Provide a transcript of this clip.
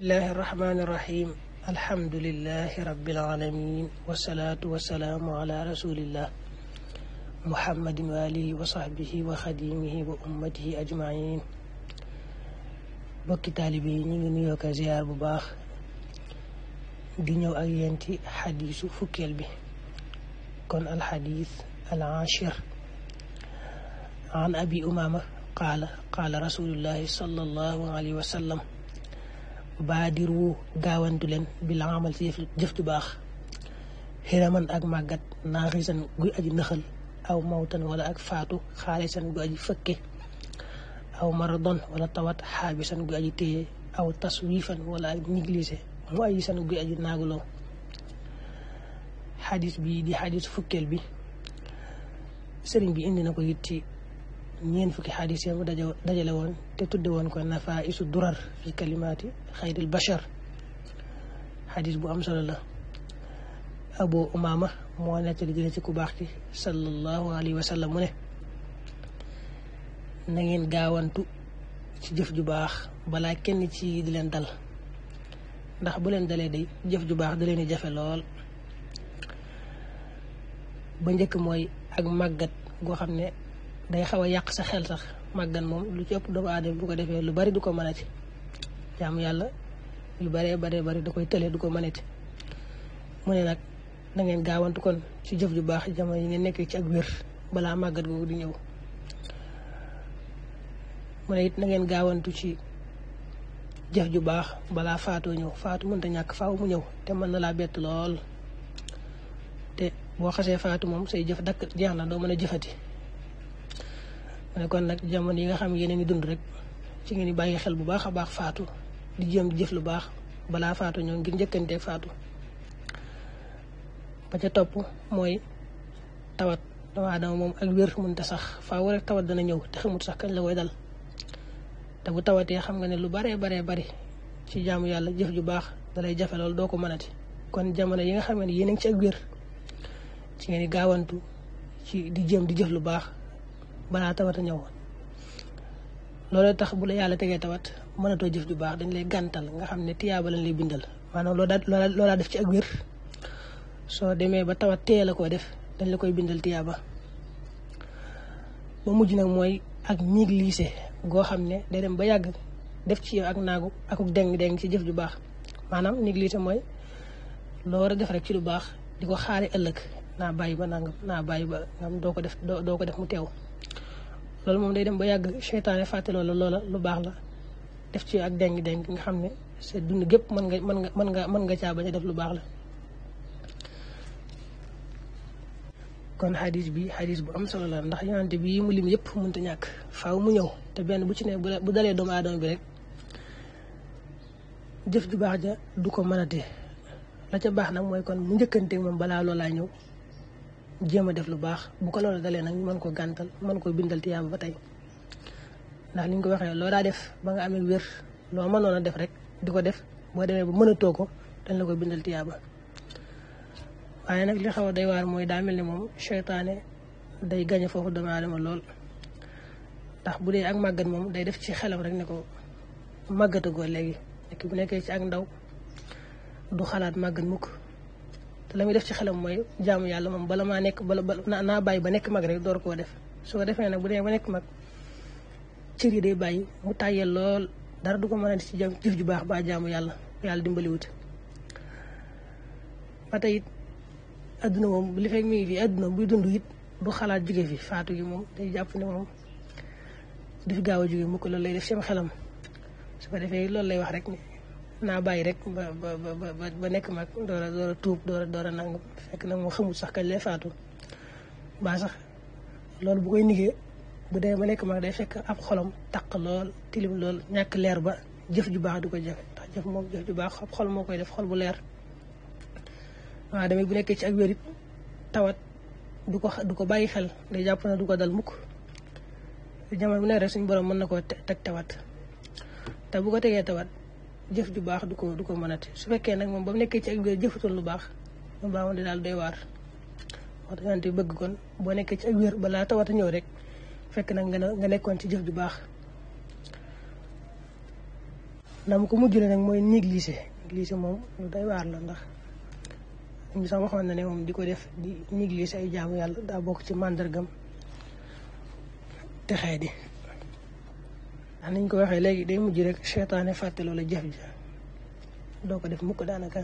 الله الرحمن الرحيم الحمد لله رب العالمين والصلاة والسلام على رسول الله محمد وآله وصحبه وخديمه وأمته أجمعين bokki taalibe yi ñu ngi nuyoo ko ziyaar bu baax di ñëw ak yéen ci xadiisu fukkeel bi kon alxadiis al ashir an abi umaama qaala qaala rasulullahi sallallahu alayhi wa sallam baadiru gaawantu leen bi la amal ci jëf ju baax xiraman ak màggat naaxisan guy aji nëxal aw mawtan wala ak faatu xaalisan guy aji fëkke aw maradon wala tawat xaabisan guy aji téye aw taswifan wala ak négligé mu ayisan guy aji naaguloo xadis bi di xadis fukkeel bi sëriñ bi indi na ko it ñeen fukki xadis yi mu dajale woon te tudde woon ko nafa isu durar fi kalimaati xayril bashar xadis bu am solo la abu umama moo nettali jële ci ku baax ci sallallahu alayhi wa sallam mu na ngeen gaawantu ci jëf ju baax balaa kenn ci di leen dal ndax bu leen dalee day jëf ju baax da leen di jafe lool ba njëkk mooy ak màggat goo xam ne day xaw a yàq sa xel sax màggan moom lu ci ëpp doomu aadama bu ko defee lu bari du ko mënati jaamu yàlla lu baree baree bari da koy tële du ko mënati mu ne nag na ngeen gaawantu kon ci jëf ju baax jamono yi ngeen nekkee ci ak wér balaa màggat googu di ñëw mu it na ngeen gaawantu ci jëf ju baax balaa faatoo ñëw faatu te ñàkk faaw mu ñëw te mën na laa bett lool te boo xasee faatu moom say jëf dakk jeex na doo mën a jëfati kon nag jamono yi nga xam yéen a ngi dund rek ci ngeen di bàyyi xel bu baax a baax faatu di jéem jëf lu baax balaa faatu ñoo ngir njëkkanteeg faatu ba ca topp mooy tawat doomu aadama moom ak wér mënta sax faaw rek dana ñëw te xamut sax kañ la woy dal te bu tawatee xam nga ne lu baree baree bari ci jaamu yàlla jëf ju baax dalay jafe loolu doo ko mënati kon jamono yi nga xam ne yéen a ngi ci ak wér ci ngeen di gaawantu ci di jëm di jëf lu baax balaa tawat a ñëw loolu tax bu la yàlla tegee tawat mënatoo jëf ju baax dañ lay gàntal nga xam ne tiyaaba lañ lay bindal maanaam loo daa loo daa def ci ak wér soo demee ba tawat tee la koo def dañ la koy bindal tiyaaba ba mujj nag mooy ak miig liise goo xam ne day dem ba yàgg def ci yow ak naagu akuk deng-deng ci jëf ju baax maanaam miig mooy loo a def rek ci lu baax di ko xaare ëllëg naa bàyyi ba nangam naa bàyyi ba ngam doo ko def doo ko def mu teew loolu moom day dem ba yàgg seytaane fàtte loola loola lu baax la def ci ak deng-deng nga xam ne sa dund gépp mën nga mën nga mën nga mën nga caa bañ a def lu baax la kon xadis bi xadis bu am solo la ndax yonante bi yi mu lim yëpp te ñàkk faw mu ñëw te benn bu ci ne bu dalee doomu aadama bi rek jëf ju baax ja du ko mënatee la ca baax nag mooy kon mu njëkkanteeg moom balaa loolu loolaa ñëw jéem a def lu baax bu ko loolu dalee nag ñu koo ko gàntal mën koo bindal tiyaaba ba tey ndax li ko waxee loo daa def ba nga amee wér loo mënoon a def rek di ko def boo demee ba mënatoo ko dañ la ko bindal tiyaaba waaye nag li xaw a doy waar mooy daa mel ni moom seytaane day gañe foofu doomu aadama lool ndax bu dee ak màggat moom day def ci xelam rek ne ko màggatagoo léegi nekk bu nekkee ci ak ndaw du xalaat màggat mukk te la muy def ci xelam mooy jaamu yàlla moom bala maa nekk bala bala naa bàyyi ba nekk mag rek door koo def soo ko defee nag bu dee ba nekk mag cër yi day bàyyi mu tàyyeel lool dara du ko mën a ci jam jëf ju baax baa jaamu yàlla yàlla dimbaliwut ba tey it adduna moom li fekk mi fi adduna buy dund it bu xalaat jóge fi faatu gi moom day jàpp ne moom fi gaaw a jóge mukk loolu lay def seen xelam su ko defee loolu lay wax rek naa bàyyi rek ba ba ba ba nekk mag door a door tuub door a door fekk nag moo xamul sax kañ lay faatu baa sax loolu bu koy nigee bu dee ba nekk mag day fekk ab xolom taq lool tilim lool ñàkk leer ba jëf ju baax du ko jëf ndax jëf moom jëf ju baax ab xol moo koy def xol bu leer waaw damay bu nekkee ci ak wérit tawat du ko du ko bàyyi xel day jàpp na du ko dal mukk jamono bu ne rek suñu borom mën na koo teg tewat te bu ko tegee tewat jëf ju baax du ko du ko mënati su fekkee nag moom ba mu nekkee ci ak wér jëfatul lu baax moom baa moom daal day waar wax dëgg bëgg kon boo nekkee ci ak wér balaa tawata ñëw rek fekk nag nga nekkoon ci jëf ju baax ndax mu ko mujjule nag mooy négligé négligé moom lu doy waar la ndax ñu sax waxoon na ne moom di ko def di négligé ay jaamu yàlla daa bokk ci màndargam texee di ndax niñ ko waxee léegi day mujj rek seytaane fàtte loola jëf ja doo ko def mukk daanaka